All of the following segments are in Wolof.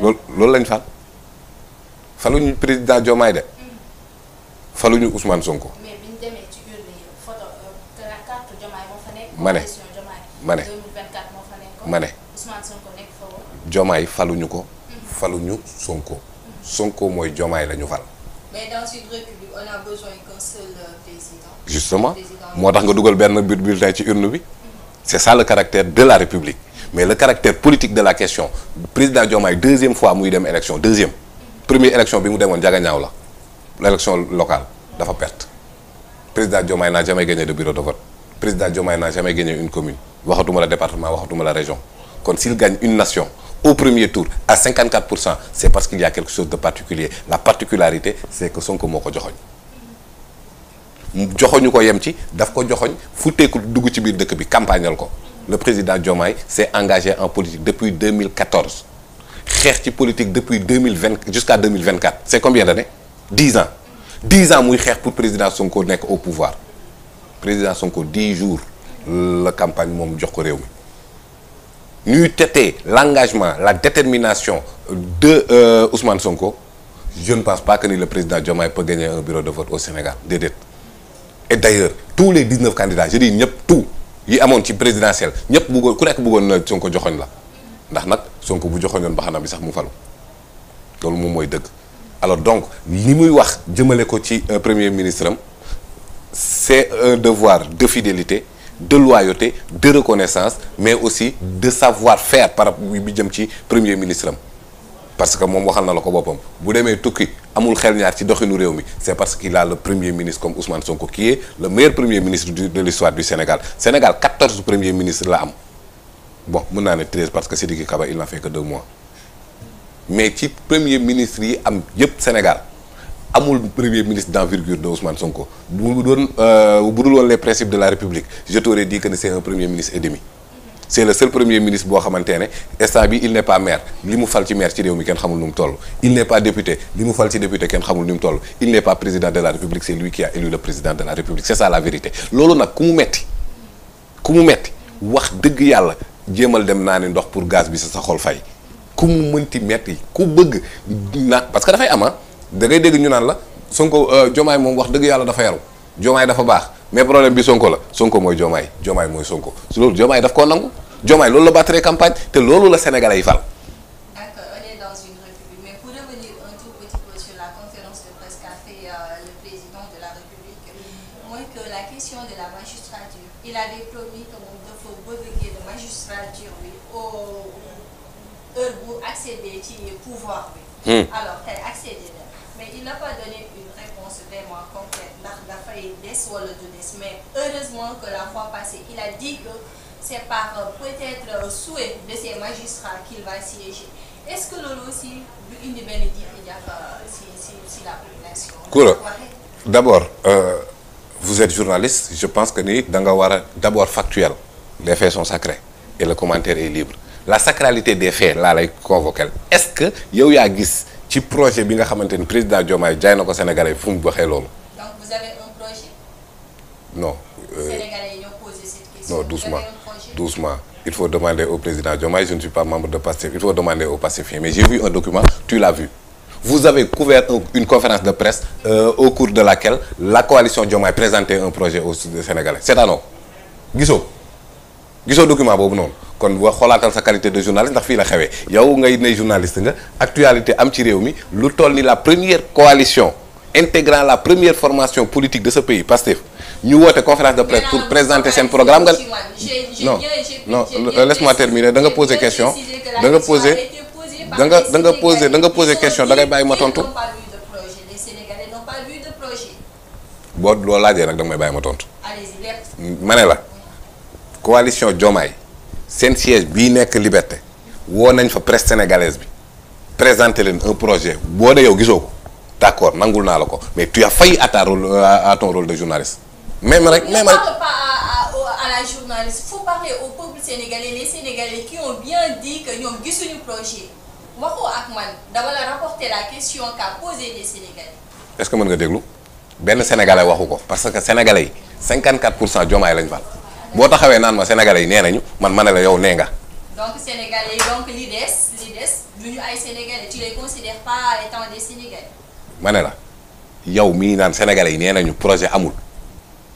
loolu loolu lañ fal faluñu président Diomaye de hmm. faluñu Ousmane Sonko. mais bi ñu demee ci urne yi photo euh, carte Diomaye moo fa nekk. ma ne ma ne 2024 moo fa nekk. ma ne Ousmane Sonko nekk fa woon. Diomaye faluñu ko. Hmm. faluñu Sonko. Hmm. Sonko mooy Diomaye la ñu fal. mais dans une république on a besoin qu'un seul euh, président. justement moo tax nga dugal benn bulletin ci urne bi. c'est ça le caractère de la république mais le caractère politique de la question président Diomaye deuxième fois muy dem élection deuxième première élection bi mu demoon jaga ñaaw la l'élection locale dafa président Diomaye n'a jamais gagné de bureau de vote président Diomaye n'a jamais gagné une commune waxatuma le département waxatuma la région Quand s'il gagne une nation au premier tour à 54 c'est parce qu'il y a quelque chose de particulier la particularité c'est que son moo ko gagné. joxoñu ko yem ci daf ko joxoñ a dugg ci biir gagné, bi ko le président Diomaye s'est engagé en politique depuis 2014 Reste politique depuis 2020 jusqu'à 2024 c'est combien d'années 10 ans 10 ans pour le pour président Sonko au pouvoir président Sonko 10 jours la campagne de jox ko réew l'engagement la détermination de euh, Ousmane Sonko je ne pense pas que ni le président Diomaye peut gagner un bureau de vote au Sénégal et d'ailleurs tous les 19 candidats je dis pas tout yi amone ci na Sonko la ndax Sonko bu bi sax mu alors donc ni wax que ko ci euh, premier ministre c'est un devoir de fidélité de loyauté de reconnaissance mais aussi de savoir-faire par bi jëm ci premier ministre parce que mom waxal na la ko bu tout tukki amul c'est parce qu'il a le premier ministre comme Ousmane Sonko qui est le meilleur premier ministre de l'histoire du Sénégal Sénégal 14 premiers ministres la am bon mën naa ne 13 parce que Sidiki Kaba il n'a fait que deux mois mais ci premier ministre yi am yépp Sénégal amul premier ministre d'envergure de Ousmane Sonko bu doon euh, bu les principes de la République je t'aurais dit que c'est un premier ministre et demi c'est le seul premier ministre bo xamantene instant bi il n'est pas maire li fal ci maire ci réew mi kenn xamul nu mu toll il n'est pas député li fal ci député ken xamul nu mu toll il n'est pas président de la république c'est lui qui a élu le président de la république c'est ça la vérité loolu nak ku mu metti ku mu metti wax deug yalla djemal dem naa ndox pour gaz bi sa sa xol fay ku mu metti ku beug na parce que fay am ah, da ngay deug ñu nan la Sonko euh, Diomaye mom wax dëgg yàlla dafa yaru da fa baax mais le problème est que son corps est un peu plus grand. Son corps est un peu plus grand. Son corps est un peu plus grand. Son corps est est D'accord, on est dans une république. Mais pour revenir un tout petit peu sur la conférence de presse qu'a fait euh, le président de la République, moins que la question de la magistrature, il avait promis que mon deux fois, la magistrature. Il accéder accédé pouvoir. Hmm. Alors, accéder mais il n'a pas donné une réponse vraiment complète ndax foi est wala le mais heureusement que la fois passée il a dit que c'est par euh, peut-être souhait de ces magistrats qu'il va siéger est-ce que Lolo aussi du indi benn a jàpp euh, si si si la population. d'abord euh, vous êtes journaliste je pense que nous Dangawara, d'abord factuel les faits sont sacrés et le commentaire est libre la sacralité des faits là, est convoquée. est-ce que yow projet bi Sénégalais donc vous avez un projet. non. Euh, Sénégalais cette question. non doucement doucement. il faut demander au président Diomaye je ne suis pas membre de PASTEF il faut demander au PASTEFien mais j'ai vu un document tu l'as vu vous avez couvert une conférence de presse euh, au cours de laquelle la coalition Diomaye présentait un projet au Sénégalais c'est à non Guiso, document bobu non kon wa xolatal sa qualité de journaliste ndax fi la xewé yow ngay né journaliste nga actualité am ci réew mi lu toll ni la première coalition intégrant la première formation politique de ce pays Pastef ñu woote conférence de presse pour présenter sen programme nga non non laisse-moi terminer da nga poser question da nga poser da nga da nga poser da nga poser question da ngay bàyyi ma tontu boo loo laajee nag da nga may ma tontu ma la coalition Diomaye seen siège bii nekk Liberté woo nañ fa presse sénégalaise bi présenter leen un projet boo dee yow gisoo ko d' accord nangul naa la ko mais tu as failli à ta rôle de journaliste. même rek même rek la journaliste au peuple sénégalais les sénégalais qui ont bien dit que ñoom gisuñu projet waxoo ak man dama la rapporter la question qu'a posée les sénégalais. est-ce mën nga déglu benn sénégalais waxu ko parce que sénégalais yi 54 pour cent Diomaye lañ fal. boo taxawee naan ma sénégalais yi nee nañu man ma ne la yow nee nga. ma ne la yow mii naan sénégalais yi nee nañu projet amul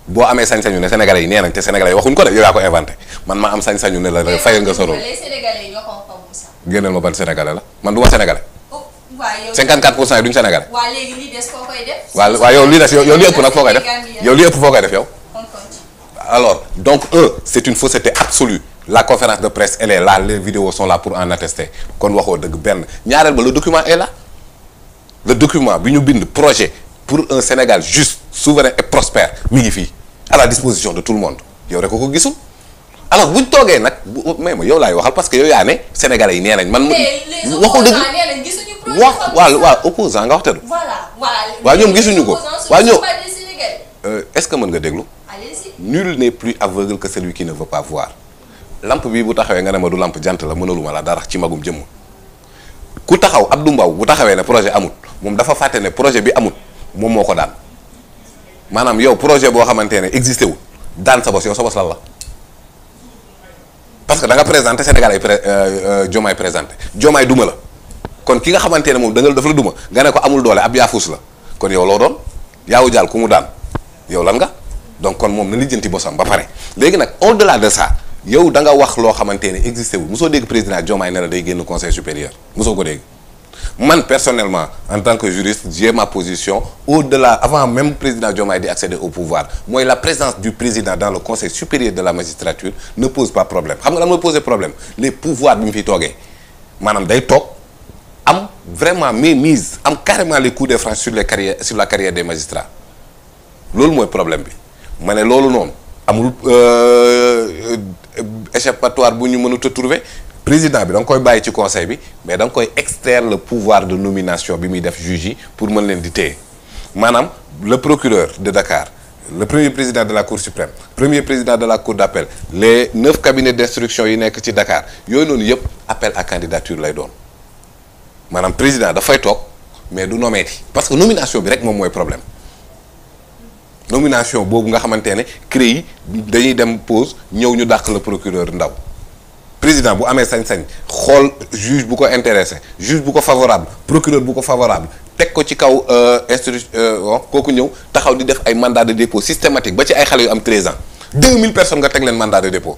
boo amee sañ-sañu ne sénégalais yi nee nañ te sénégalais yi waxuñ ko de yow yaa ko inventé man ma am sañ-sañu ne la fayal nga solo. les sénégalais ñoo ko génneel ma ban sénégalais la man du ma sénégalais. Oh, waaw pour cent yi duñ sénégalais. waaw léegi li des foo koy def. waaw waaw yow li des yow li ëpp nag foo koy def yow li ëpp foo koy def yow Alors, donc eux, c'est une fausseté absolue. La conférence de presse, elle est là, les vidéos sont là pour en attester. Kon waxo deug ben. le document est là. Le document bi projet pour un Sénégal juste, souverain et prospère à la disposition de tout le monde. Yow rek ko gisul. Alors vous avez nak Vous vous yow lay parce que vous ya né sénégalais yi nénañ man waxo deug wax waaw opposant nga wax té Voilà, voilà. Wa ñom gisuñu ko. Wa ñom euh, est-ce que mën nga déglu nul n'est plus aveugle que celui qui ne veut pas voir lampe bi bu taxawé nga une ma du lampe jant la vous la dara ci magum ku taxaw Abdou Mbaw bu projet amut mom dafa projet bi projet existé sa yow la parce que da nga présenter Sénégal ay pré euh, euh, présenté duma la kon ki nga mom da nga dafa la duma nga né ko la kon yow doon donc comme moom ne lijjanti pas ba pare léegi au delà de ça yow da nga wax loo qui ne existé wul le président de la day le conseil supérieur le ko supérieur. Moi, personnellement en tant que juriste j'ai ma position au delà avant même président de di accédé au pouvoir Moi, la présence du président dans le conseil supérieur de la magistrature ne pose pas problème Je ne sais pas poser problème les pouvoirs de mu fi toogee ont vraiment mis mises, am carrément les coups de franc sur les carrières sur la carrière des magistrats C'est le problème je ne sais pas euh, échappatoire bu ñu trouver président bi da il koy conseil mais il le pouvoir de nomination bi def juge pour me leen di le procureur de Dakar le premier président de la cour suprême le premier président de la cour d'appel les neuf cabinets d'instruction qui sont Dakar ils ont tous appel à candidature Madame président a président le toog mais du parce que la nomination c'est le problème nomination bobu nga xamantene créé dañuy dem pause ñew ñu le la procureur Ndaw président bu amé sañ-sañ xol juge bu ko intéressé juge bu ko favorable procureur bu ko favorable teg ko ci kaw euh, instru euh, oh, koku ñew taxaw di def ay mandat de dépôt systématique ba ci ay xalé yu am 13 ans 2000 personnes nga fait leen mandat de dépôt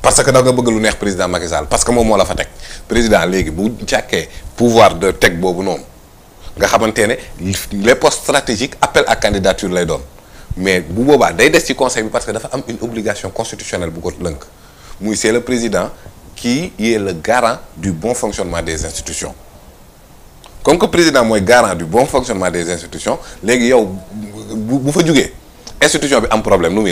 parce que da nga bëgg lu neex président Macky Sall parce que moom mo la fa teg président légui bu ciaké pouvoir de teg bobu non nga xamantene les postes stratégiques appel à candidature lay doon mais bu boobaa day des ci conseil parce que dafa une obligation constitutionnelle pour c'est le président qui est le garant du bon fonctionnement des institutions comme le président le garant du bon fonctionnement des institutions vous yow bu bu fa jugee institution bi problème